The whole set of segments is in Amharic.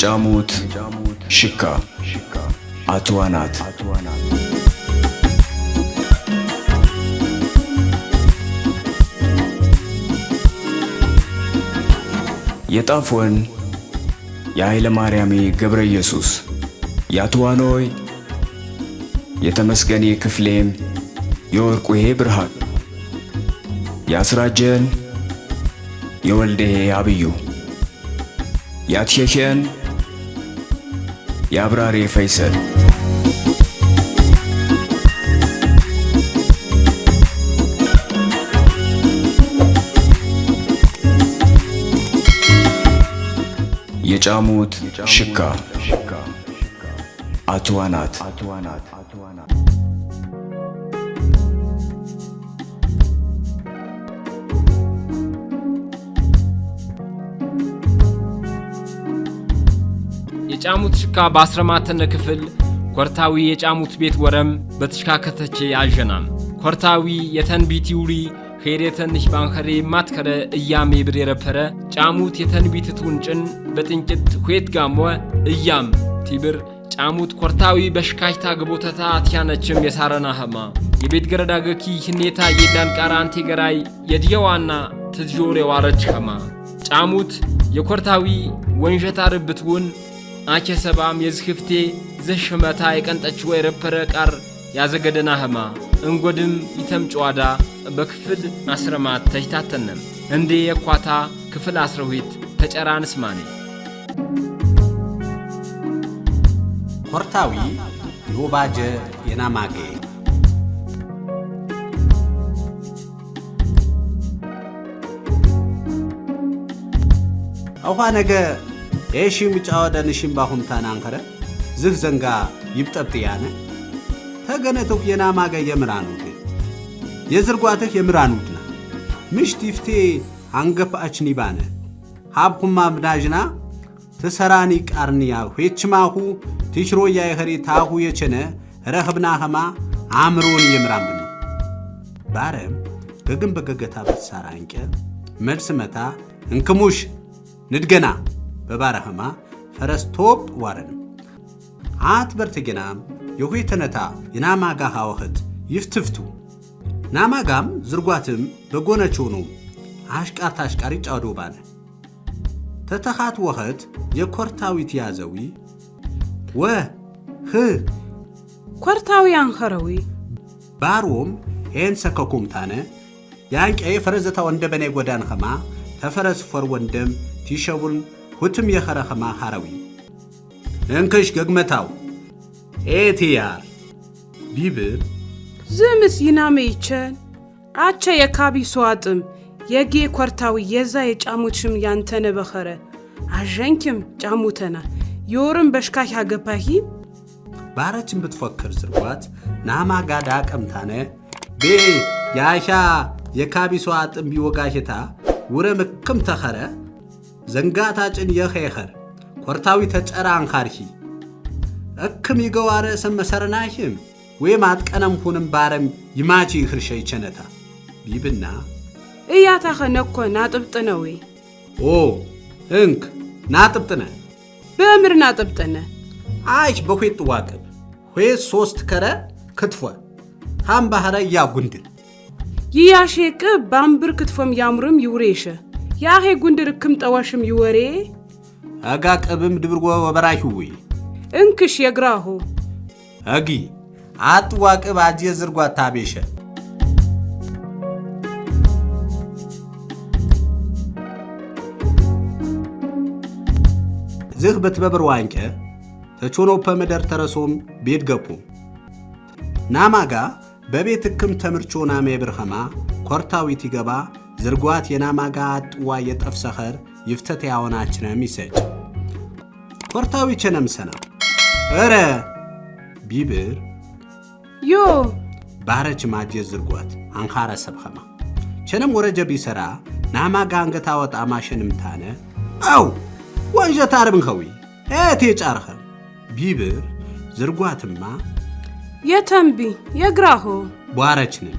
የጫሙት ሽካ አትዋናት የጣፎን የኃይለ ማርያሜ ገብረ ኢየሱስ የአትዋኖይ የተመስገኔ ክፍሌም የወርቁሄ ብርሃን የአስራጀን የወልደሄ አብዩ ያትሸሸን የአብራሪ ፈይሰል የጫሙት ሽካ አትዋናት የጫሙት ሽካ ባስረማተነ ክፍል ኮርታዊ የጫሙት ቤት ወረም በተሽካከተቼ አዠናም ኮርታዊ የተንቢት ይውሪ ኼዴተንሽ ባንኸሬ ማትከረ እያም ብሬ ረፐረ ጫሙት የተንቢት ትውንጭን በጥንጭት ዄት ጋሞ እያም ቲብር ጫሙት ኮርታዊ በሽካይታ ግቦተታ አትያነችም የሳረና ህማ የቤት ገረዳ ገኪ ህኔታ የዳን ቃራ አንቴ ገራይ የድየዋና ትዝዦር የዋረች ከማ ጫሙት የኮርታዊ ወንዠታ ርብትውን አኬ ሰባም የዝክፍቴ ዘሽመታ የቀንጠች ወይ ረፐረ ቃር ያዘገደና ህማ እንጎድም ይተም ጨዋዳ በክፍል አስረማት ተጅታተነም እንዴ የኳታ ክፍል አስረዊት ተጨራን ስማኔ ሆርታዊ ዮባጀ የናማጌ አውሃ ነገ ኤሺም ጫወደንሽም ባኹምታናንኸረ ዝህ ዘንጋ ይብጠብጥያነ ተገነትኽ የናማገ የምራኑት የዝርጓትህ የምራኑትና ምሽት ይፍቴ አንገፍአችን ይባነ ሃብኹማ ምናዥና ትሰራኒ ቃርንያ ዄችማኹ ትሽሮያ የኸሪ ታኹ የቸነ ረኽብና ኸማ አእምሮን የምራምብነ ባረም ገግም በገገታ ብትሳራ እንቄ መልስመታ እንክሙሽ ንድገና በባራህማ ፈረስቶፕ ዋረን አት በርትጌናም የሁይተነታ የናማጋ ሐወኸት ይፍትፍቱ ናማጋም ዝርጓትም በጎነች ነው አሽቃር ታሽቃሪ ጫዶ ባለ ተተኻት ወኸት የኮርታዊት ያዘዊ ወ ህ ኮርታዊ አንኸረዊ ባሮም ኤን ታነ ያንቀዬ ፈረዘታ ወንደ በናይ ጐዳን ኸማ ተፈረስ ፎር ወንደም ቲሸቡን ሁትም የኸረኸማ ሐረዊ እንክሽ ገግመታው ኤትያር ቢብል ዝምስ ይናመይቸን አቸ የካቢ ሰዋጥም የጌ ኰርታዊ የዛ የጫሙችም ያንተነ በኸረ አዠንኪም ጫሙተና የወርም በሽካሽ አገባሂ ባረችን ብትፎክር ዝርጓት ናማ ጋዳ ቀምታነ ቤ ያሻ የካቢሷ ጥምቢ ወጋሽታ ውረ ምክም ተኸረ ዘንጋታ ጭን የኸይኸር ኮርታዊ ተጨራ አንኻርሂ እክም ይገዋረ ርእሰም መሰረናሂም ወይም አጥቀነም ሁንም ባረም ይማቺ ይኽርሸይ ቸነታ ቢብና እያታ ኸነኮ ናጥብጥነ ወይ ኦ እንክ ናጥብጥነ በእምር ናጥብጥነ አይች በዄት ጥዋቅብ ዄት ሶስት ከረ ክትፎ ሃም ባህረ እያ ጉንድን ይያሼ ቅብ ባምብር ክትፎም ያምርም ይውሬሸ ያሄ ጉንድርክም ጠዋሽም ይወሬ አጋ ቀብም ድብርጎ ወበራሽው እንክሽ የግራሁ አጊ አጥዋቅብ አጄ ዝርጓ ታቤሸ ዝህ በትበብር ዋንቀ ተቾኖ ፐመደር ተረሶም ቤት ገፑ ናማጋ በቤት ሕክም ተምርቾ ናሜ ብርኸማ ኮርታዊት ይገባ ዝርጓት የናማጋ ጥዋ የጠፍ ሰኸር ይፍተት ያወናችነም ይሰጭ ኮርታዊ ቸነም ሰና እረ ቢብር ዮ ባረች ማጀ ዝርጓት አንኻረ ሰብኸማ ቸነም ወረጀ ቢሰራ ናማጋ አንገታ ወጣ ማሸንም ታነ አው ወንጀ ታርብን ከዊ ኤቴ ጫርኸ ቢብር ዝርጓትማ የተንቢ የግራሆ ቧረችንም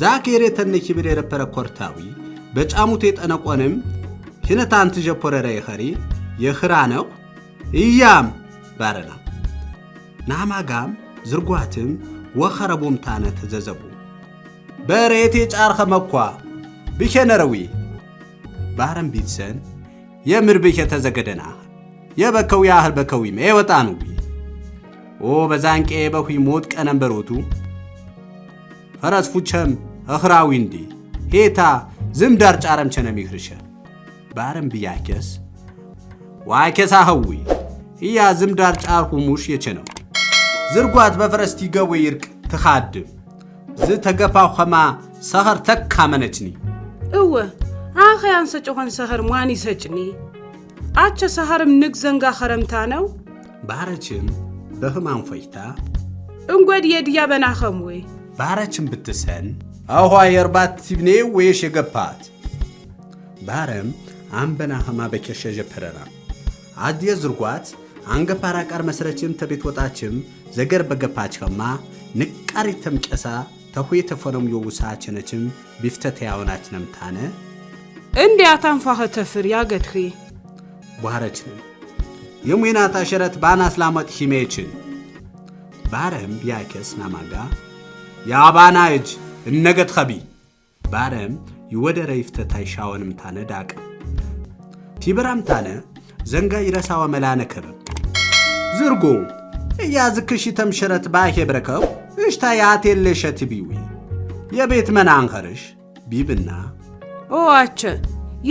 ዛኬር የተነ ኪብር የረፐረ ኮርታዊ በጫሙት የጠነቆንም ሽነታንት ጀፖረረ የኸሪ የኽራ ነው እያም ባረና ናማጋም ዝርጓትም ወኸረቦም ታነ ተዘዘቡ በሬቴ ጫርኸ መኳ ብሸነረዊ ባረም ቢትሰን የምር ብሸ ተዘገደና የበከው ያህል በከዊም ኤወጣኑዊ ኦ በዛንቄ በሁ ሞት ቀነንበሮቱ ፉቸም ኸረስፉቸም እንዲ ሄታ ዝም ዳር ጫረም ቸነም ይኽርሸ ባረም ብያኬስ ዋኬሳ ኸዊ እያ ዝም ዳር ጫር ሁሙሽ የቸነው ዝርጓት በፈረስቲ ገወ ይርቅ ትኻድም ዝተገፋው ኸማ ሰኸር ተካ መነችኒ እወ አኸ ያንሰጭ ኾን ሰኸር ማን ይሰጭኒ አቸ ሰኸርም ንግ ዘንጋ ኸረምታ ነው ባረችም በህማን ፈይታ እንጐድ የድያ በናኸም ወይ ባረችን ብትሰን አውኋ የርባት ቲብኔ ወየሽ የገባት ባረም አንበና ሀማ በኬሸ ጀፐረራ አድየ ዝርጓት አንገፓራ ቃር መሰረችም ተቤት ወጣችም ዘገር በገፓች ከማ ንቃሪ ተምቀሳ ተሁይ የውሳ ቸነችም ቢፍተት ያወናችንም ነምታነ እንዲ አታንፋህ ተፍር ያገትኺ ቧረችንም የሙናታ ሸረት ባናስላመጥ ሂሜችን ባረም ቢያኬስ ናማጋ የአባና እጅ እነገት ኸቢ ባረም ይወደረ ይፍተታይ ሻወንም ታነ ዳቅ ቲብራም ታነ ዘንጋ ይረሳዋ ክብ ዝርጎ እያዝክሽ ተምሽረት ባሄ ብረከው እሽታ ያቴለሸ ትቢዊ የቤት መናንኸርሽ ቢብና ኦአቸ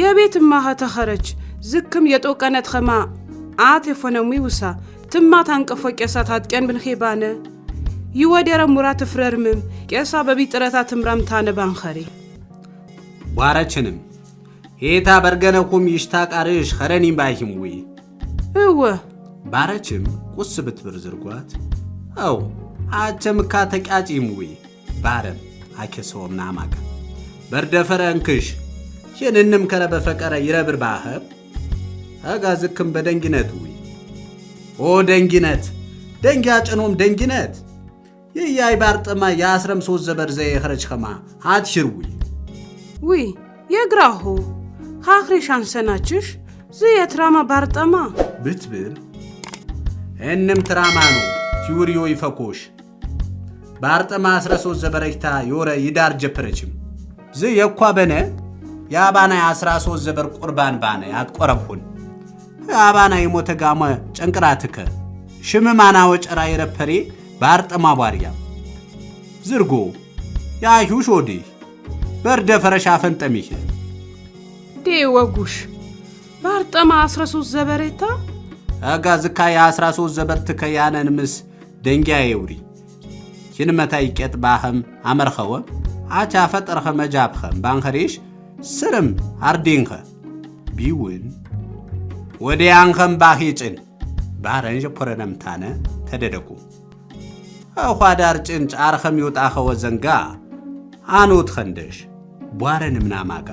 የቤት ማኸተኸረች ዝክም የጦቀነት ኸማ አት የፎነሚ ውሳ ትማ ታንቀፎ ቄሳት አጥቀን ብንኼ ባነ ይወደረ ሙራ ትፍረርምም ቄሳ በቢ ጥረታ ትምራም ታነባንኸሬ ቧረችንም ሄታ በርገነኩም ይሽታ ቃርሽ ኸረኒም ባይሂም ዊ እወ ባረችም ቁስ ብትብር ዝርጓት አው ምካ ተቃጪም ዊ ባረም አኬሰውም ናማቀ በርደፈረ እንክሽ ይህንንም ከረ በፈቀረ ይረብር ባኸብ አጋዝክም በደንጊነት ዊ ኦ ደንጊነት ደንጊያ ጭኖም ደንጊነት የያይ ባርጥማ የአስረም ሶስት ዘበር ዘየ ኸረች ኸማ ሃት ሽርዊ ዊ የግራሁ ካኽሪ ሻንሰናችሽ ዝ የትራማ ባርጠማ ብትብል እንም ትራማ ነው ሲውርዮ ይፈኮሽ ባርጠማ አስረ ሶስት ዘበረኪታ ዮረ ይዳር ጀፐረችም ዝ የኳ በነ የአባና የአስራ ሶስት ዘበር ቁርባን ባነ ያትቆረብሁን አባና የሞተ ጋሞ ጨንቅራትከ ሽምማናወ ጨራ የረፐሬ ባርጠማ ባርያ ዝርጎ ያዩሽ ወዲህ በርደ ፈረሻ ፈንጠሚህ ዴ ወጉሽ ባርጠማ 13 ዘበሬታ አጋ ዝካ የ13 ዘበት ከያነን ምስ ደንጊያ የውሪ ይንመታ ይቄጥ ባህም አመርኸወ አቻ ፈጠርኸ መጃብኸም ባንኸሬሽ ስርም አርዴንኸ ቢውን ወዲያንኸም ባሂ ጭን ባረንዥ ፖረነምታነ ተደደቁ ኋዳር ጭንጭ አርኸም ይውጣኸ ወዘንጋ አኖት ኸንደሽ ቧረንም ናማጋ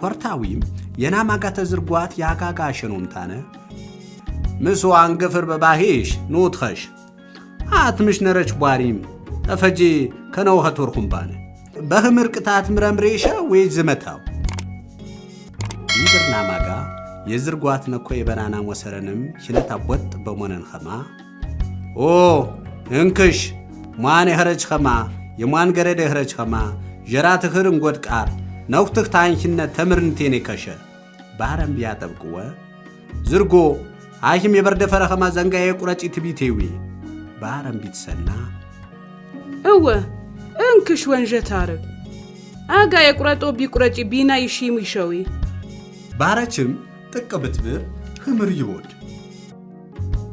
ኮርታዊም የናማጋ ተዝርጓት የአጋጋ ሸኖምታነ ምስ አንገፍር በባሄሽ ኖትኸሽ አትምሽ ነረች ቧሪም ጠፈጄ ከነውኸ ቶርኹምባነ በህምር ቅታት ምረምሬሸ ወይ ዝመታው ይድር ናማጋ የዝርጓት ነኮ የበናና ወሰረንም ሽነታ ወጥ በሞነን ኸማ ኦ እንክሽ ሟን የኸረች ኸማ የሟን ገረድ የኸረች ኸማ ዠራ ትኽር እንጐድ ቃር ነውኽትኽ ታንሽነት ተምርንቴን የከሸ ባረም ቢያጠብቅወ ዝርጎ አይሽም የበርደፈረ ኸማ ዘንጋዬ ቁረጪ ትቢቴዊ ባረም ቢትሰና እወ እንክሽ ወንዠት አጋ የቁረጦ ቢቁረጪ ቢና ይሺም ይሸዊ ባረችም ጥቅ ብትብር ህምር ይቦድ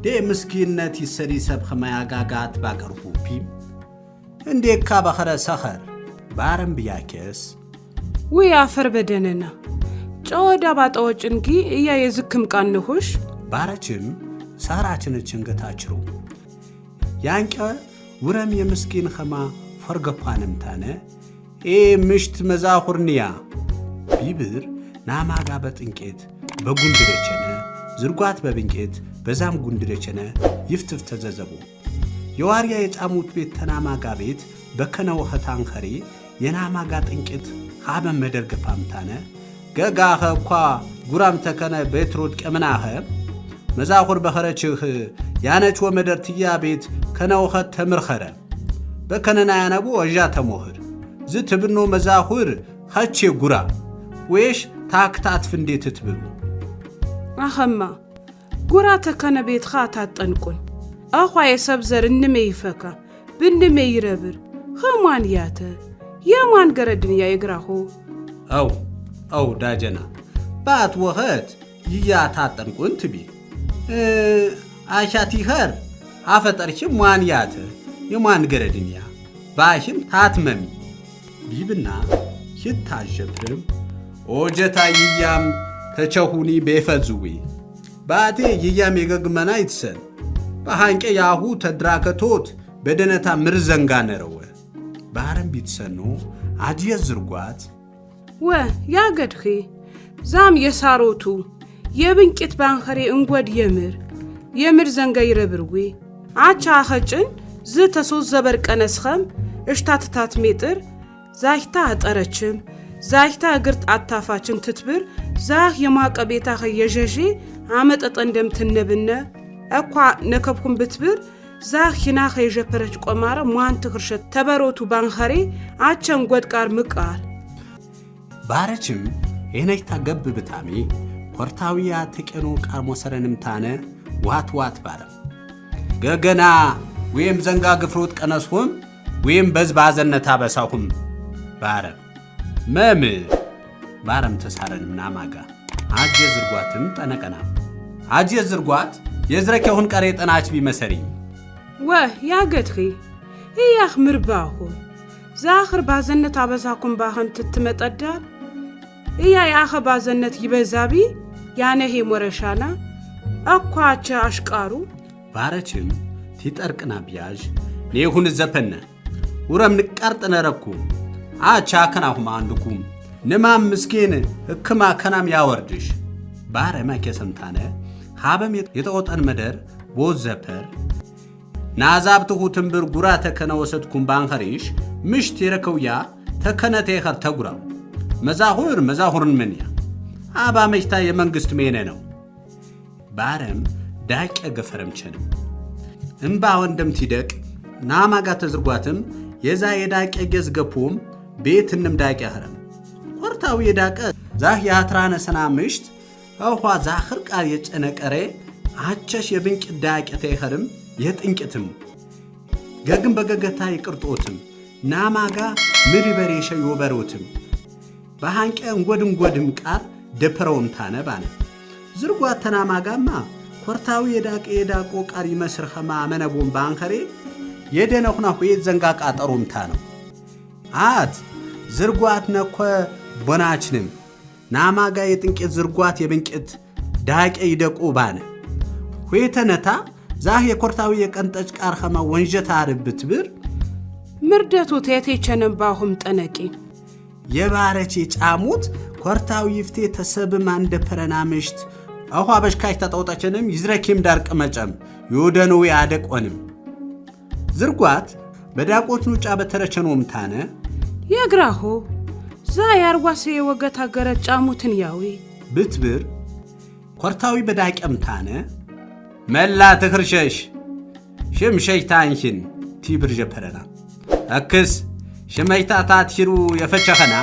ዴ ምስኪነት ሰብኸ ሰብ ኸመያጋጋት ባቀርቡፒ እንዴካ በኸረ ሰኸር ባረም ብያኬስ ውይ አፈር በደነና ጨወዳ ባጠወጭንጊ እያ የዝክም ቃንሁሽ ባረችም ሳራችንችን ገታችሩ ያንቀ ውረም የምስኪን ኸማ ፈርገኳንም ታነ ኤ ምሽት መዛኹርንያ ቢብር ናማጋ በጥንቄት በጉንድሬቸነ ዝርጓት በብንቄት በዛም ጉንድደቸነ ይፍትፍ ተዘዘቡ የዋርያ የጻሙት ቤት ተናማጋ ቤት በከነው ኸታንከሬ የናማጋ ጥንቅት ሀበን መደርገፋምታነ ገጋኸ እኳ ጉራም ተከነ ቤትሮት ቀምናኸ መዛኹር በኸረችህ ያነች ወመደር ትያ ቤት ከነውኸት ተምርኸረ በከነና ያነቡ ወዣ ተሞህር ዝትብኖ መዛኹር ኸቼ ጉራ ወይሽ ታክታትፍ እንዴት ትብሉ ኣኸማ ተከነ ቤትኻ ኣታጠንቁን ኣዃየ ሰብ ዘር እንመ ይፈካ ብንመ ይረብር ኸማን እያተ የማን ገረድንያ የግራኹ ኣው ኣው ዳጀና ባኣት ወኸት ይያ ይያታጠንቁን ትቢ ኣሻቲኸር ኣፈጠርሽም ማን ያተ የማን ገረድንያ ባሽም ታትመሚ ቢብና ሽታ ሽታሸብርም ኦጀታ ይያም ተቸሁኒ ቤፈዝዊ በአቴ ይያም የገግመና ይትሰን በሃንቄ ያሁ ተድራከቶት በደነታ ምር ዘንጋ ነረወ ባረም ቢትሰኖ አድየ ዝርጓት ወ ያገድኺ ዛም የሳሮቱ የብንቂት ባንኸሬ እንጎድ የምር የምር ዘንጋ ይረብርዊ አቻ አኸጭን ዝ ተሶት ዘበር ቀነስኸም እሽታትታት ሜጥር ዛይታ አጠረችም ዛይታ እግር ጣታፋችን ትትብር ዛህ የማቀ ቤታ ኸየዠዢ አመጠጠ እንደምትነብነ እኳ ነከብኩም ብትብር ዛህ ሂና ኸየዠፐረች ቆማረ ሟን ትክርሸት ተበሮቱ ባንኸሬ አቸን ጐድቃር ምቃል ባረችም ኤነይታ ገብ ብታሜ ኰርታዊያ ተቄኖ ቃርሞ ሰረንምታነ ዋት ዋት ባለ ገገና ወይም ዘንጋ ግፍሮት ቀነስሁም ወይም በዝ ባዘነታ በሳኹም ባረ መም ማረም ተሳረንና ማጋ አጅ የዝርጓትም ጠነቀና አጅ የዝርጓት የዝረኪያሁን ቀሬ ጠናች ቢመሰሪ ወህ ያገትሪ እያኽ ምርባሁ ዛኽር ባዘነት አበዛኩም ባህን ትትመጠዳል እያ የኣኸ ባዘነት ይበዛቢ ያነሄ ሞረሻና አኳቸ አሽቃሩ ባረችም ቲጠርቅና ቢያዥ ኔኹን ዘፈነ ውረም ንቃር ጠነረኩ አቻ ከናሁማ አንድኩም ንማም ምስኪን ህክማ ከናም ያወርድሽ ባረመ ኬሰምታነ ሀበም የጠወጠን መደር ቦት ዘፐር ናዛብ ትኹ ትንብር ጉራ ተከነ ወሰትኩም ባንኸሪሽ ምሽት የረከውያ ተከነ ተኸር ተጉራው መዛሁር መዛሁርን ምንያ አባ መጅታ የመንግሥት ሜነ ነው ባረም ዳቄ ገፈረም ቸንም እምባ ወንደም ቲደቅ ናማጋ ተዝርጓትም የዛ የዳቄ ጌዝ ገፖም ቤትንም ዳቂ ያህረም ኰርታዊ የዳቀ ዛህ የአትራነ ሰና ምሽት አውኋ ዛኽር ቃል የጨነቀሬ አቸሽ የብንቅ ዳቂ ተይኸርም የጥንቅትም ገግም በገገታ ይቅርጦትም ናማጋ ምድ በሬሸ ይወበሮትም በሃንቀ እንጎድንጎድም ጎድም ቃር ደፐረውም ታነባነ ዝርጓ ተናማጋማ ኰርታዊ የዳቀ የዳቆ ቃር ይመስር ኸማ መነቦም ባንኸሬ የደነኹና ሁየት ዘንጋ ቃጠሮምታ ነው አት ዝርጓት ነኮ ቦናችንም ናማጋ የጥንቄት ዝርጓት የብንቄት ዳቄ ይደቁ ባነ ሁተነታ ዛህ የኮርታዊ የቀንጠጭ ቃር ኸማ ወንጀት አርብት ብር ምርደቱ ቴቴቸነባሁም ጠነቂ የባረች የጫሙት ኮርታዊ ይፍቴ ተሰብም አንደ ምሽት አሁ አበሽካች ተጠውጠችንም ይዝረኪም ዳርቅ መጨም የወደነዊ ያደቆንም ዝርጓት በዳቆት ኑጫ በተረቸኖምታነ የግራሆ ዛ የአርጓሴ የወገት አገረ ጫሙትን ያዊ ብትብር ኰርታዊ በዳቀምታነ መላ ትኽርሸሽ ሽምሸሽ ታንሽን ቲብር ጀፐረና አክስ ሽመይታታ ትሽሩ የፈቸኸና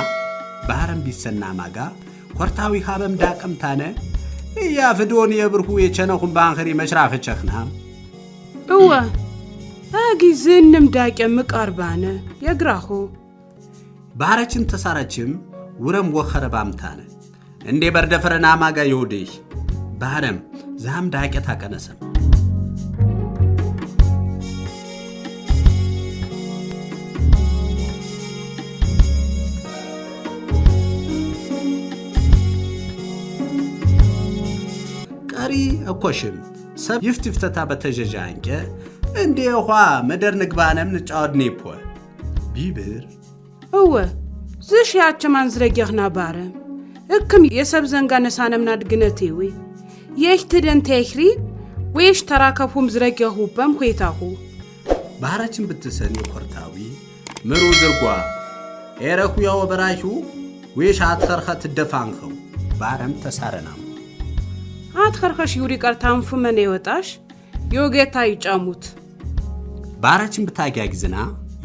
ባህረም ቢሰና ማጋ ኰርታዊ ኻበም ዳቀምታነ እያ ፍድዎን የብርሁ የቸነኹም ባንኸሪ መሽራ ፈቸኽና እወ አጊዝንም ዳቄም ቃርባነ የግራሆ ባሕረችን ተሳረችም ውረም ወኸረ ባምታነ እንዴ በርደፈረን አማጋ ይሁዴሽ ባህረም ዛም ዳቄት አቀነሰም ቀሪ እኮሽም ሰብ ይፍትፍተታ ይፍተታ በተዠዣ አንቄ እንዴ ውኋ መደር ንግባነም ንጫወድኔ ይፖ ቢብር እወ ዝሽ ያቸ ማንዝረጊያኽ ናባረ እክም የሰብ ዘንጋ ነሳነምና ድግነቴዌ የሽ ትደን ተይኽሪን ወየሽ ተራከብሁም ዝረጊያኹበም ኮይታኹ ባህራችን ብትሰኒ ኮርታዊ ምሩ ዝርጓ ኤረኩ ያወ በራሹ ወየሽ ኣትኸርኸ ትደፋንኸው ባረም ተሳረና ኣትኸርኸሽ ዩሪ ቀርታንፉ መነ ይወጣሽ ዮጌታ ይጫሙት ባህራችን ብታጊያ ጊዝና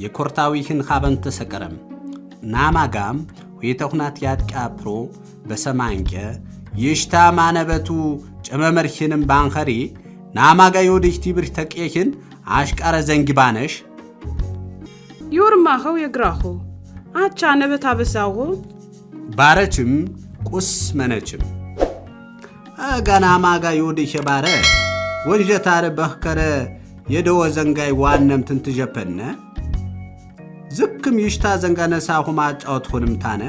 የኰርታዊ ህን ተሰቀረም ናማጋም ወየተኹናት ያጥቃ ፕሮ በሰማንቀ ይሽታ ማነበቱ ጨመመርሽንም ባንኸሪ ናማጋ የወደች ቲብር ተቄሽን አሽቃረ ዘንግባነሽ ዩርማኸው የግራኹ አቻ ነበታ በሳሆ ባረችም ቁስ መነችም አጋና ማጋ የወደች የባረ ወንጀታረ በህከረ የደወ ዘንጋይ ዋነምትን ትጀፐነ ዝክም ይሽታ ዘንጋነሳ ሁማ ጫወት ሆንም ታነ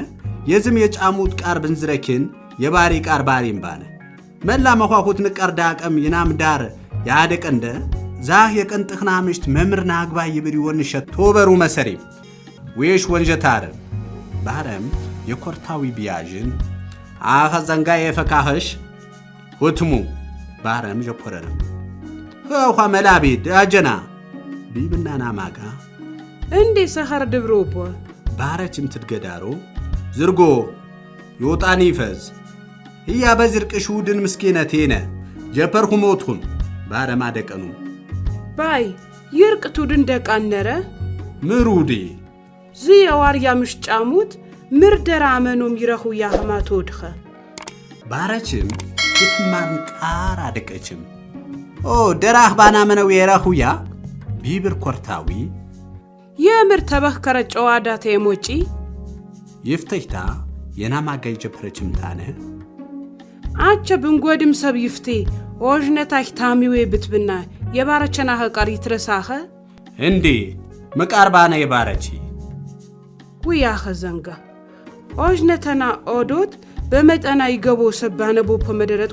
የዝም የጫሙት ቃር ብንዝረኪን የባሪ ቃር ባሪም ባነ መላ መኳኩት ንቀር ዳቀም ይናም ዳር ያደቀንደ ዛህ የቀንጥኽና ምሽት መምርና አግባ ይብሪ ወንሸ ቶበሩ መሰሪም ዌሽ ወንጀታር ባረም የኮርታዊ ቢያዥን አኸ ዘንጋ የፈካኸሽ ሁትሙ ባረም ጀኮረንም ኸኳ መላቤት አጀና ቢብናና ማጋ እንዴ ሰኸር ድብሮ ድብሮቦ ባረች እምትትገዳሮ ዝርጎ ዮጣኒ ይፈዝ እያ በዝርቅሽ ውድን ምስኪነቴነ ጀፐርኩ ሞትኹም ባረ ማደቀኑ ባይ ይርቅ ቱድን ደቃነረ ምሩዴ ዝ የዋርያ ምሽጫሙት ምርደራ መኖም ይረኹ ያኸማ ትወድኸ ባረችም የትማን ቃር አደቀችም ኦ ደራህ ባና መነው የረኹያ ቢብር ኰርታዊ የምርተበህ ከረጨዋ ዳቴም የሞጪ ይፍተይታ የናማ የናማጋይ ጀፐረችምታነ አቸ ብንጎድም ሰብ ይፍቴ ኦዥነታህ ታሚዌ ብትብና የባረቸና ቀር ይትረሳኸ እንዴ ምቃርባነ የባረቺ ውያኸ ዘንጋ ኦዥነተና ኦዶት በመጠና ይገቦ ሰባነቦ ቦፖ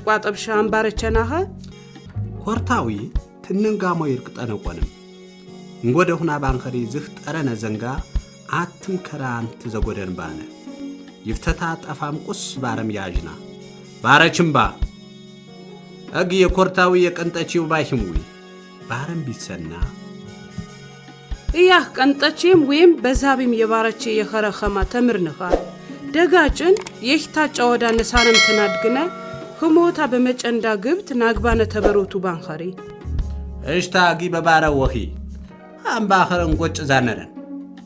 ቋጠብሻ አንባረቸናኸ ኮርታዊ ትንንጋሞ ይርቅጠነቆንም እንጐደኹና ባንኸሪ ጠረነ ዘንጋ አትም ከራንቲ ዘጐደን ባነ ይፍተታ ቁስ ባረም ያዥና ባረችምባ እግ የኰርታዊ የቀንጠቺው ባይሽም ባይሽምዊ ባረም ቢሰና እያህ ቀንጠቼም ወይም በዛቢም የባረቼ የኸረኸማ ተምርንኻ ደጋጭን የሽታ ጨወዳ ነሳነም ትናድግነ ህሞታ በመጨንዳ ግብት ናግባነ ተበሮቱ ባንኸሪ እሽታ ጊ በባረ ወኺ አምባኸረ እንቆጭ ዛነረን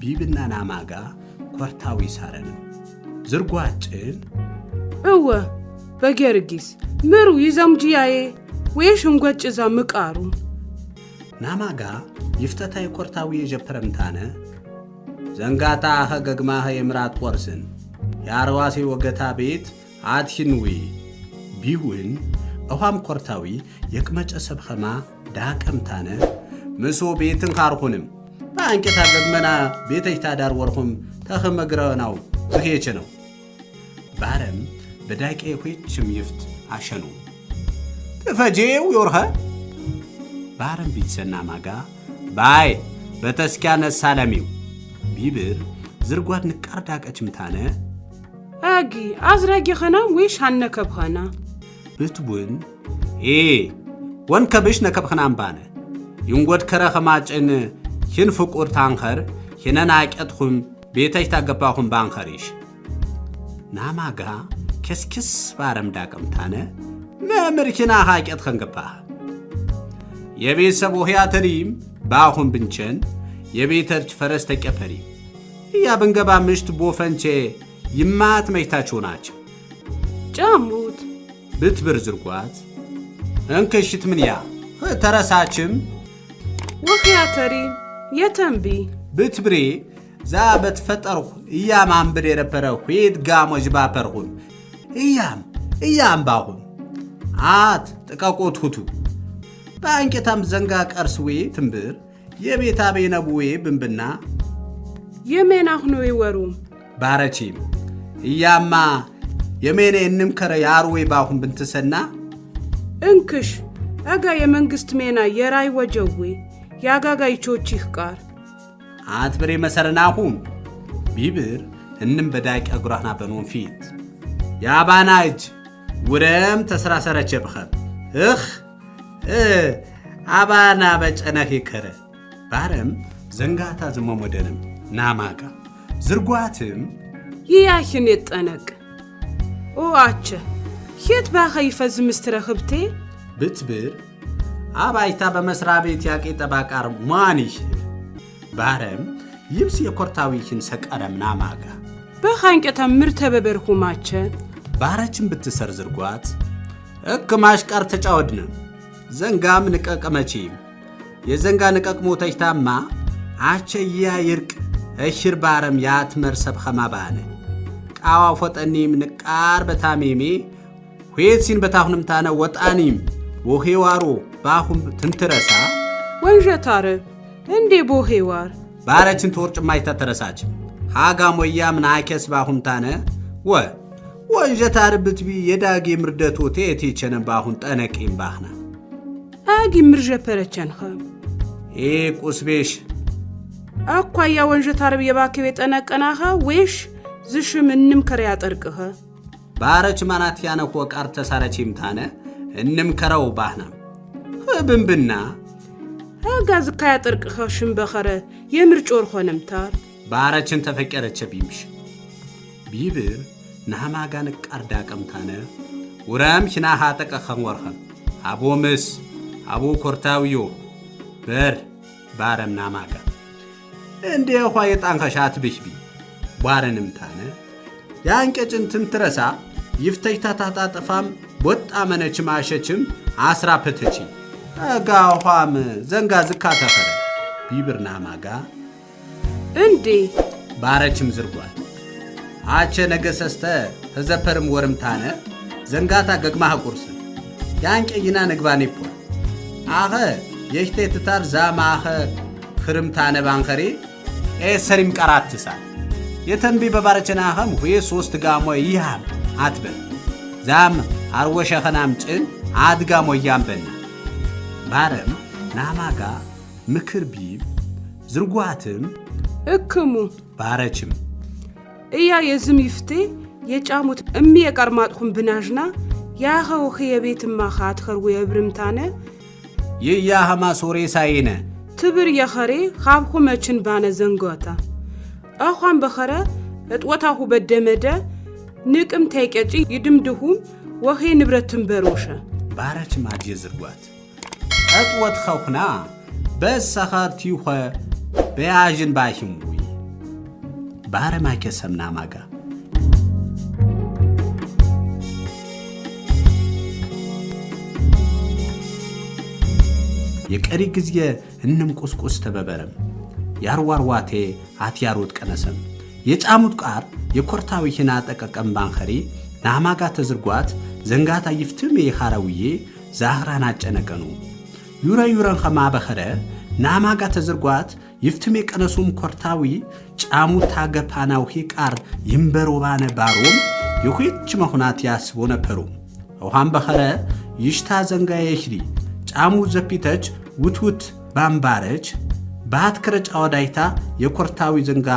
ቢብና ናማጋ ኮርታዊ ሳረን ዝርጓጭን እወ በጌርጊስ ምሩ ይዘምጅያዬ ወየሽ እንጐጭ ዛ ምቃሩ ናማጋ ይፍተታይ ኮርታዊ የጀፐረምታነ ዘንጋታ ኸ የምራት ቆርስን የአርዋሴ ወገታ ቤት አትሽንዊ ቢውን እኋም ኮርታዊ የቅመጨ ሰብኸማ ዳቀምታነ ምሶ ቤትን ኻርኹንም በአንቄታ ለመና ቤተች ታዳር ወርኹም ተኸመግረናው ዝሄች ነው ባረም በዳቄ ዄችም ይፍት አሸኑ ትፈጄው ዮርኸ ባረም ቢትሰና ማጋ ባይ በተስኪያነ ሳለሚው ቢብር ዝርጓድ ንቃር ዳቀችም ታነ አጊ አዝራጊ ኸና ወይሽ አነከብኸና ብትውን ኤ ወንከብሽ ነከብኸና እምባነ ይንጐድከረ ኸማጭን ሂን ፍቁር ታንኸር ሂነን አቄጥኹም ቤተች ታገባኹም ባንኸሪሽ ናማጋ ኬስኪስ ባረምዳ ቀምታነ መምር ሂና ኻቄጥኸን ገባህ የቤተሰብ ውህያ ተሪም ባኹም ብንቸን የቤተርች ፈረስ ተቄፈሪ እያ ብንገባ ምሽት ቦፈንቼ ይማት መይታችሁ ናቸው ጫሙት ብትብር ዝርጓት እንክሽት ምንያ ተረሳችም ወክያተሪ የተንቢ ብትብሪ ዛ በትፈጠርኹ እያም አንብር የነበረ ዄት ጋሞች ባፐርኹን እያም እያም ባኹን አት ጥቀቆት ሁቱ በአንቄታም ዘንጋ ቀርስ ዌ ትንብር የቤታ ቤነቡ ዌ ብንብና የሜናሁንዌ ይወሩ ባረቺም እያማ የሜኔ እንምከረ የአርዌ ባሁን ብንትሰና እንክሽ አጋ የመንግሥት ሜና የራይ ወጀዌ የአጋጋይቾችህ ቃር አትብሬ መሰረናሁም ቢብር እንም በዳቂ አጉራህና በኖን ፊት ያባና እጅ ውረም ተሰራሰረች ብኸብ እኽ አባና በጨነህ ይከረ ባረም ዘንጋታ ዝመሞደንም ናማጋ ዝርጓትም ይያሽን የጠነቅ ኦ አቸ ሄት ባኸ ይፈዝ ምስትረኽብቴ ብትብር አባይታ በመስራ ቤት ያቄ ጠባቃር ማንሽ ባረም ይብስ የኮርታዊችን ሰቀረም ናማጋ በኻንቀታ ምርተ በበርሁ ማቸ ባረችን ብትሰር ዝርጓት እክ ማሽቀር ተጫወድነ ዘንጋም ንቀቀመቺም የዘንጋ ንቀቅ ሞተች ታማ አቸያ ይርቅ እሽር ባረም ያትመር ሰብኸማ ባነ ቃዋ ፈጠኒም ንቃር በታሜሜ ሁየት ሲን በታሁንም ታነ ወጣኒም ወኼዋሮ በአሁም ትንትረሳ ወንዠታረ እንዴ ቦሄዋር ባረችን ተወርጭማይ ተረሳች ሃጋ ወያም ናኬስ ባሁን ታነ ወ ወንዠታር ብትቢ የዳጌ ምርደት ቴ የቴቸነ ባሁን ጠነቂም ባህነ አጊ ምርዠ ፐረቸንኸ ኤ ቁስቤሽ አኳያ ወንዠታር የባከብ የጠነቀናኸ ወሽ ዝሽም እንም ከረ ያጠርቅኸ ባረች ማናት ያነኮ ቃር ተሳረችም ታነ እንም ከረው ባህና ብንብና ሕጋዝ እካ ያጠርቅኸ ሽምበኸረ የምርጮር ኾነምታር ባረችን ተፈቀረቸ ቢምሽ ቢብር ናህማጋን ቃርዳ ቀምታነ ውራም ሽናሃ ጠቀኸም ወርኸም አቦ ምስ አቦ ኮርታውዮ በር ባረም ናማጋ እንዴ ኳ የጣንኸሻት ብሽቢ ቧረንም ታነ ያንቀጭንትም ትረሳ ይፍተጅታታጣጠፋም ቦጣ መነችም አሸችም አስራ ፕተቺ እጋኋም ዘንጋ ዝካ ተፈረ ቢብርና ማጋ እንዴ ባረችም ዝርጓል አቸ ነገሰስተ ተዘፈርም ወርምታነ ዘንጋታ ገግማህ ቁርስን ያንቄይና ነግባኔ ይፖ አኸ የሽቴ ትታር ዛማኸ ክርምታነ ባንኸሬ ኤሰሪም ቀራት ትሳል የተንቢ በባረችናኸም ሁየ ሶስት ጋሞ ይሃም አትበል ዛም አርወሸኸናም ጭን አድጋሞ እያምበና ባረም ናማጋ ምክር ቢብ ዝርጓትም እክሙ ባረችም እያ የዝም ይፍቴ የጫሙት እሚ የቀርማጥኹም ብናዥና ያኸውኸ የቤትማኻ ትኸርዎ የብርምታነ ሃማ ሶሬ ሳይነ ትብር የኸሬ ኻብኹ መችን ባነ ዘንጎታ አዃም በኸረ እጥወታኹ በደመደ ንቅም ተይቀጪ ይድምድኹም ወኼ ንብረት ትንበሮሸ ባረች ማጅ ዝርጓት ዕጥወትኸኹና በሳኻር ትይኾ በያዥን ባሂምዊ ባረማኬ ሰምና ማጋ የቀሪ ጊዜ እንም ቁስቁስ ተበበረም ያርዋርዋቴ አትያሮት ቀነሰም የጫሙት ቃር የኮርታዊ ሂና ጠቀቀም ባንኸሪ ናማጋ ተዝርጓት ዘንጋታ ይፍትም የኻራውዬ ዛህራን አጨነቀኑ ዩረ ዩረን ኸማበኸረ ናማጋ ተዝርጓት ይፍትሜ ቀነሱም ኮርታዊ ጫሙታ ገፓናው ሂቃር ይንበር ውባነ ባሮም የኩች መኹናት ያስቦ ነበሩ ውሃም በኸረ ይሽታ ዘንጋ የሽሪ ጫሙ ዘፒተች ውትውት ባምባረች በአትክረ ጫወዳይታ የኮርታዊ ዘንጋ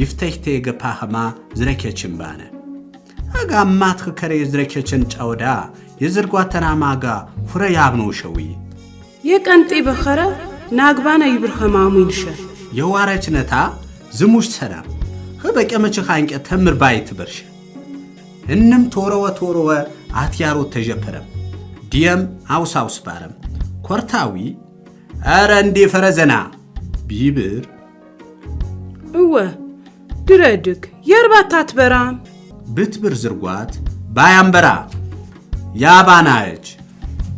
ይፍተሽቴ የገፓ ኸማ ዝረኬችን ባነ አጋማት ከከሬ የዝረኬችን ጫወዳ የዝርጓተና ማጋ ፍረ ያብነው ሸዊ የቀንጤ በኸረ ናግባና ይብር የዋረች ነታ ዝሙሽ ሰላም ኸበቀመች ኻንቀ ተምር ባይ ትበርሽ እንም ቶረወ ቶረወ አትያሮ ተጀፐረም ዲየም አውሳውስ ባረም ኮርታዊ አረ እንዴ ፈረዘና ቢብር እወ ድረድግ የርባታት በራም ብትብር ዝርጓት ባያምበራ ያባናች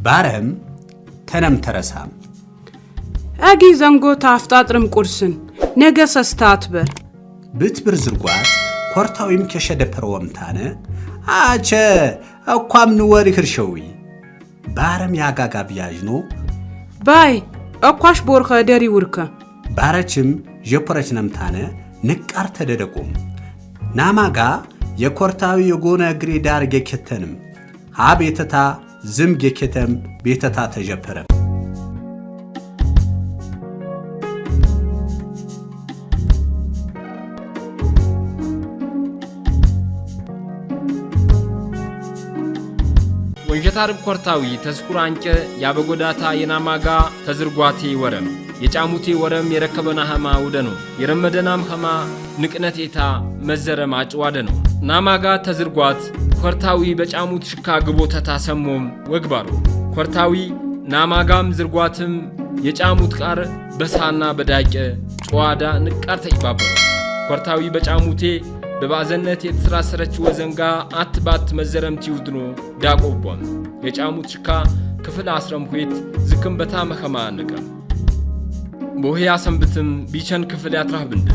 ባረም ተነምተረሳም አጊ ዘንጎታ አፍጣጥርም ቁርስን ነገ ሰስታት ብትብር ዝርጓት ኮርታዊም ከሸደፐር ወምታነ አቸ እኳም ንወሪ ህርሸዊ ባረም ያጋጋ ብያዥኖ ባይ እኳሽ ቦርከ ደሪ ውርከ ባረችም ዠፖረች ነምታነ ንቃር ተደደቆም ናማጋ የኮርታዊ የጎነ እግሬ ዳር ጌኬተንም አቤተታ ዝም ጌኬተም ቤተታ ተጀፐረ ወንጀታርብ ኮርታዊ ተስኩር አንጨ ያበጎዳታ የናማጋ ተዝርጓቴ ወረም የጫሙቴ ወረም የረከበና ኸማ ውደ ነው የረመደናም ኸማ ንቅነቴታ መዘረም አጭዋደ ነው ናማጋ ተዝርጓት ኮርታዊ በጫሙት ሽካ ግቦ ተታሰሞም ወግባሩ ኮርታዊ ናማጋም ዝርጓትም የጫሙት ቃር በሳና በዳቄ ጨዋዳ ንቃር ተይባበሩ ኮርታዊ በጫሙቴ በባዘነት የተስራሰረች ወዘንጋ አትባት መዘረምቲ ውድኖ ዳቆቧም የጫሙት ሽካ ክፍል አስረም ሁት ዝክምበታ መኸማ ንቀም ቦሄ ያሰንብትም ቢቸን ክፍል ያትራህ ብንደ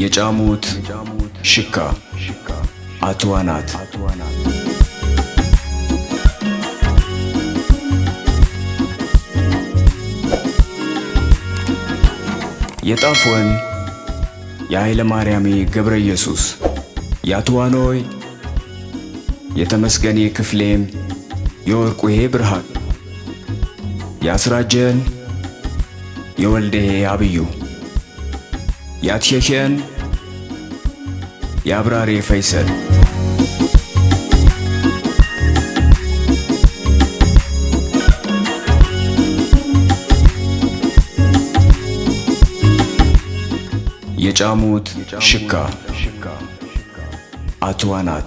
የጫሙት ሽካ አትዋናት የጣፍወን የኃይለ ማርያሜ ገብረ ኢየሱስ የአትዋኖይ የተመስገኔ ክፍሌም የወርቁሄ ብርሃን የአስራጀን የወልደሄ አብዩ ያትሸሸን የአብራሪ ፈይሰል የጫሙት ሽካ አትዋናት